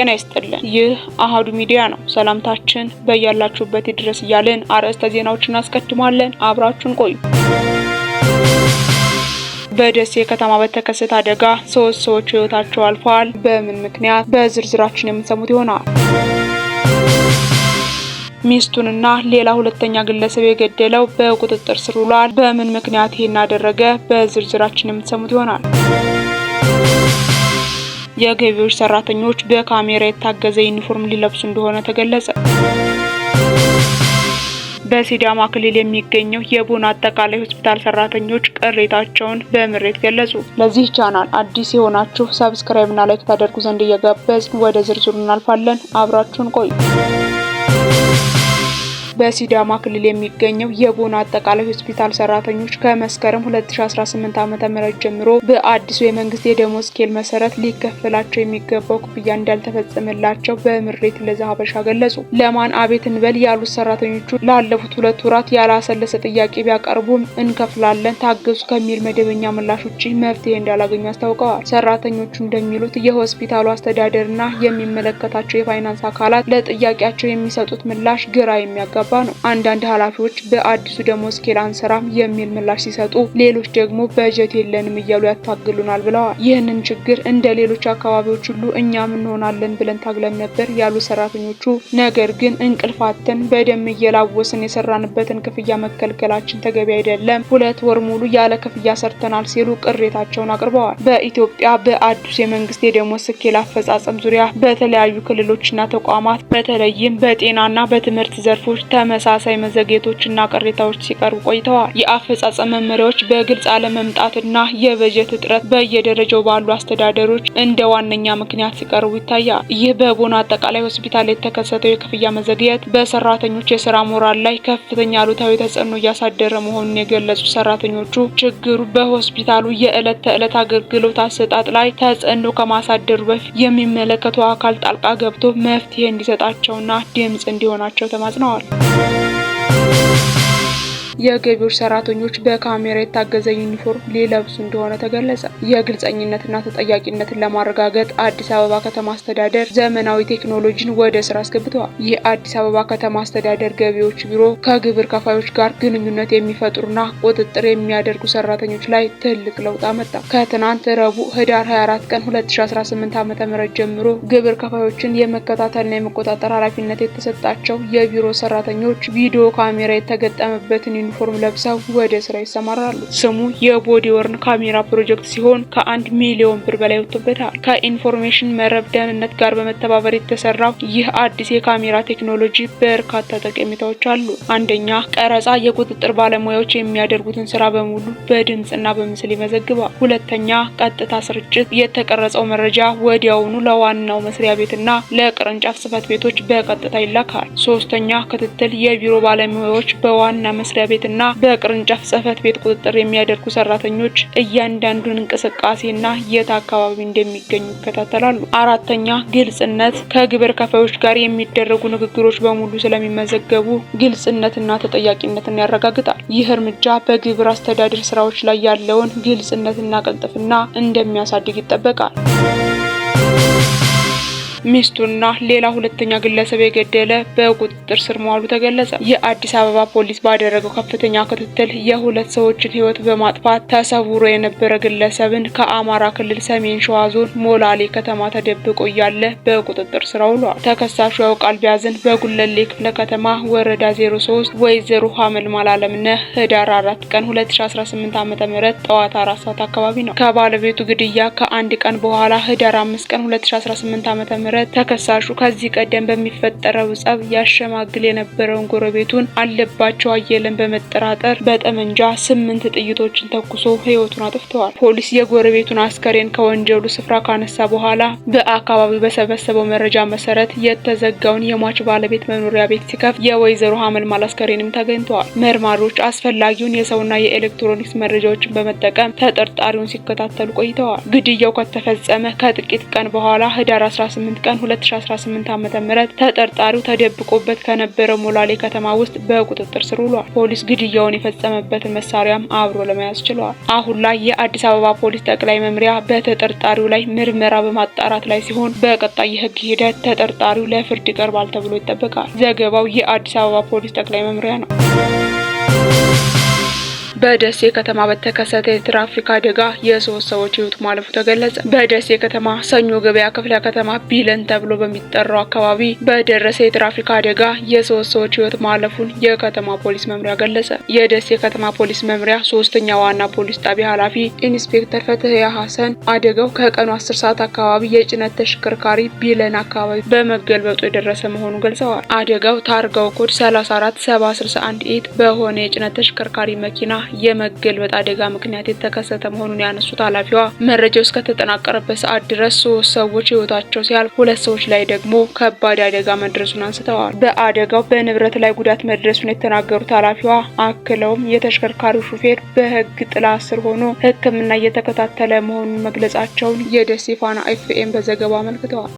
ጤና ይስጥልን። ይህ አሃዱ ሚዲያ ነው። ሰላምታችን በያላችሁበት ድረስ እያልን አርዕስተ ዜናዎችን እናስቀድማለን። አብራችሁን ቆዩ። በደሴ ከተማ በተከሰተ አደጋ ሶስት ሰዎች ህይወታቸው አልፏል። በምን ምክንያት በዝርዝራችን የምንሰሙት ይሆናል። ሚስቱንና ሌላ ሁለተኛ ግለሰብ የገደለው በቁጥጥር ስር ውሏል። በምን ምክንያት ይህን አደረገ? በዝርዝራችን የምትሰሙት ይሆናል። የገቢዎች ሰራተኞች በካሜራ የታገዘ ዩኒፎርም ሊለብሱ እንደሆነ ተገለጸ። በሲዳማ ክልል የሚገኘው የቡና አጠቃላይ ሆስፒታል ሰራተኞች ቅሬታቸውን በምሬት ገለጹ። ለዚህ ቻናል አዲስ የሆናችሁ ሰብስክራይብ ና ላይክ ታደርጉ ዘንድ እየጋበዝን ወደ ዝርዝሩ እናልፋለን። አብራችሁን ቆዩ። በሲዳማ ክልል የሚገኘው የቦና አጠቃላይ ሆስፒታል ሰራተኞች ከመስከረም 2018 ዓ.ም ጀምሮ በአዲሱ የመንግስት የደሞዝ ስኬል መሰረት ሊከፈላቸው የሚገባው ክፍያ እንዳልተፈጸመላቸው በምሬት ለዘሀበሻ ገለጹ። ለማን አቤት እንበል ያሉት ሰራተኞቹ ላለፉት ሁለት ወራት ያላሰለሰ ጥያቄ ቢያቀርቡም እንከፍላለን ታገዙ ከሚል መደበኛ ምላሽ ውጭ መፍትሄ እንዳላገኙ አስታውቀዋል። ሰራተኞቹ እንደሚሉት የሆስፒታሉ አስተዳደርና የሚመለከታቸው የፋይናንስ አካላት ለጥያቄያቸው የሚሰጡት ምላሽ ግራ የሚያጋባ እየተጋባ ነው። አንዳንድ ኃላፊዎች በአዲሱ ደሞዝ ስኬል አንሰራም የሚል ምላሽ ሲሰጡ፣ ሌሎች ደግሞ በጀት የለንም እያሉ ያታግሉናል ብለዋል። ይህንን ችግር እንደ ሌሎች አካባቢዎች ሁሉ እኛም እንሆናለን ብለን ታግለን ነበር ያሉ ሰራተኞቹ፣ ነገር ግን እንቅልፋትን በደም እየላወስን የሰራንበትን ክፍያ መከልከላችን ተገቢ አይደለም፣ ሁለት ወር ሙሉ ያለ ክፍያ ሰርተናል ሲሉ ቅሬታቸውን አቅርበዋል። በኢትዮጵያ በአዲሱ የመንግስት የደሞዝ ስኬል አፈጻጸም ዙሪያ በተለያዩ ክልሎችና ተቋማት በተለይም በጤናና በትምህርት ዘርፎች ተመሳሳይ መዘግየቶችና ቅሬታዎች ሲቀርቡ ቆይተዋል። የአፈጻጸም መመሪያዎች በግልጽ አለመምጣትና የበጀት እጥረት በየደረጃው ባሉ አስተዳደሮች እንደ ዋነኛ ምክንያት ሲቀርቡ ይታያል። ይህ በቦና አጠቃላይ ሆስፒታል የተከሰተው የክፍያ መዘግየት በሰራተኞች የስራ ሞራል ላይ ከፍተኛ አሉታዊ ተጽዕኖ እያሳደረ መሆኑን የገለጹ ሰራተኞቹ ችግሩ በሆስፒታሉ የዕለት ተዕለት አገልግሎት አሰጣጥ ላይ ተጽዕኖ ከማሳደሩ በፊት የሚመለከተው አካል ጣልቃ ገብቶ መፍትሄ እንዲሰጣቸውና ድምፅ እንዲሆናቸው ተማጽነዋል። Thank you. የገቢዎች ሰራተኞች በካሜራ የታገዘ ዩኒፎርም ሊለብሱ እንደሆነ ተገለጸ። የግልጸኝነትና ተጠያቂነትን ለማረጋገጥ አዲስ አበባ ከተማ አስተዳደር ዘመናዊ ቴክኖሎጂን ወደ ስራ አስገብተዋል። አዲስ አበባ ከተማ አስተዳደር ገቢዎች ቢሮ ከግብር ከፋዮች ጋር ግንኙነት የሚፈጥሩና ቁጥጥር የሚያደርጉ ሰራተኞች ላይ ትልቅ ለውጥ አመጣ። ከትናንት ረቡዕ ህዳር 24 ቀን 2018 ዓ.ም ጀምሮ ግብር ከፋዮችን የመከታተልና የመቆጣጠር ኃላፊነት የተሰጣቸው የቢሮ ሰራተኞች ቪዲዮ ካሜራ የተገጠመበትን ዩኒፎርም ለብሰው ወደ ስራ ይሰማራሉ። ስሙ የቦዲ ወርን ካሜራ ፕሮጀክት ሲሆን ከአንድ ሚሊዮን ብር በላይ ወጥቶበታል። ከኢንፎርሜሽን መረብ ደህንነት ጋር በመተባበር የተሰራው ይህ አዲስ የካሜራ ቴክኖሎጂ በርካታ ጠቀሜታዎች አሉ። አንደኛ ቀረጻ የቁጥጥር ባለሙያዎች የሚያደርጉትን ስራ በሙሉ በድምፅና በምስል ይመዘግባል። ሁለተኛ ቀጥታ ስርጭት፣ የተቀረጸው መረጃ ወዲያውኑ ለዋናው መስሪያ ቤትና ለቅርንጫፍ ጽህፈት ቤቶች በቀጥታ ይላካል። ሶስተኛ ክትትል፣ የቢሮ ባለሙያዎች በዋና መስሪያ ቤት ቤትና በቅርንጫፍ ጽህፈት ቤት ቁጥጥር የሚያደርጉ ሰራተኞች እያንዳንዱን እንቅስቃሴና የት አካባቢ እንደሚገኙ ይከታተላሉ። አራተኛ ግልጽነት፣ ከግብር ከፋዮች ጋር የሚደረጉ ንግግሮች በሙሉ ስለሚመዘገቡ ግልጽነትና ተጠያቂነትን ያረጋግጣል። ይህ እርምጃ በግብር አስተዳደር ስራዎች ላይ ያለውን ግልጽነትና ቅልጥፍና እንደሚያሳድግ ይጠበቃል። ሚስቱና ሌላ ሁለተኛ ግለሰብ የገደለ በቁጥጥር ስር መዋሉ ተገለጸ። የአዲስ አበባ ፖሊስ ባደረገው ከፍተኛ ክትትል የሁለት ሰዎችን ሕይወት በማጥፋት ተሰውሮ የነበረ ግለሰብን ከአማራ ክልል ሰሜን ሸዋ ዞን ሞላሌ ከተማ ተደብቆ እያለ በቁጥጥር ስር ውሏል። ተከሳሹ ያውቃል ቢያዝን በጉለሌ ክፍለ ከተማ ወረዳ 03 ወይዘሮ ሀመልማል አለምነህ ህዳር 4 ቀን 2018 ዓ.ም ጠዋት አራት ሰዓት አካባቢ ነው ከባለቤቱ ግድያ ከአንድ ቀን በኋላ ህዳር 5 ቀን 2018 ዓ.ም ተከሳሹ ከዚህ ቀደም በሚፈጠረው ጸብ ያሸማግል የነበረውን ጎረቤቱን አለባቸው አየለን በመጠራጠር በጠመንጃ ስምንት ጥይቶችን ተኩሶ ሕይወቱን አጥፍተዋል። ፖሊስ የጎረቤቱን አስከሬን ከወንጀሉ ስፍራ ካነሳ በኋላ በአካባቢው በሰበሰበው መረጃ መሰረት የተዘጋውን የሟች ባለቤት መኖሪያ ቤት ሲከፍት የወይዘሮ ሀመልማል አስከሬንም ተገኝተዋል። መርማሪዎች አስፈላጊውን የሰውና የኤሌክትሮኒክስ መረጃዎችን በመጠቀም ተጠርጣሪውን ሲከታተሉ ቆይተዋል። ግድያው ከተፈጸመ ከጥቂት ቀን በኋላ ህዳር 18 ቀን 2018 ዓ.ም ተጠርጣሪው ተደብቆበት ከነበረው ሞላሌ ከተማ ውስጥ በቁጥጥር ስር ውሏል። ፖሊስ ግድያውን የፈጸመበትን መሳሪያም አብሮ ለመያዝ ችሏል። አሁን ላይ የአዲስ አበባ ፖሊስ ጠቅላይ መምሪያ በተጠርጣሪው ላይ ምርመራ በማጣራት ላይ ሲሆን በቀጣይ የህግ ሂደት ተጠርጣሪው ለፍርድ ይቀርባል ተብሎ ይጠበቃል። ዘገባው የአዲስ አበባ ፖሊስ ጠቅላይ መምሪያ ነው። በደሴ ከተማ በተከሰተ የትራፊክ አደጋ የሶስት ሰዎች ህይወት ማለፉ ተገለጸ። በደሴ ከተማ ሰኞ ገበያ ክፍለ ከተማ ቢለን ተብሎ በሚጠራው አካባቢ በደረሰ የትራፊክ አደጋ የሶስት ሰዎች ህይወት ማለፉን የከተማ ፖሊስ መምሪያ ገለጸ። የደሴ ከተማ ፖሊስ መምሪያ ሶስተኛ ዋና ፖሊስ ጣቢያ ኃላፊ ኢንስፔክተር ፈትህያ ሀሰን አደጋው ከቀኑ አስር ሰዓት አካባቢ የጭነት ተሽከርካሪ ቢለን አካባቢ በመገልበጡ የደረሰ መሆኑን ገልጸዋል። አደጋው ታርጋው ኮድ 34 761 በሆነ የጭነት ተሽከርካሪ መኪና የመገልበጥ አደጋ ምክንያት የተከሰተ መሆኑን ያነሱት ኃላፊዋ መረጃው እስከተጠናቀረበት ሰዓት ድረስ ሶስት ሰዎች ህይወታቸው ሲያልፍ ሁለት ሰዎች ላይ ደግሞ ከባድ አደጋ መድረሱን አንስተዋል። በአደጋው በንብረት ላይ ጉዳት መድረሱን የተናገሩት ኃላፊዋ አክለውም የተሽከርካሪው ሹፌር በህግ ጥላ ስር ሆኖ ሕክምና እየተከታተለ መሆኑን መግለጻቸውን የደሴ ፋና ኤፍኤም በዘገባው አመልክተዋል።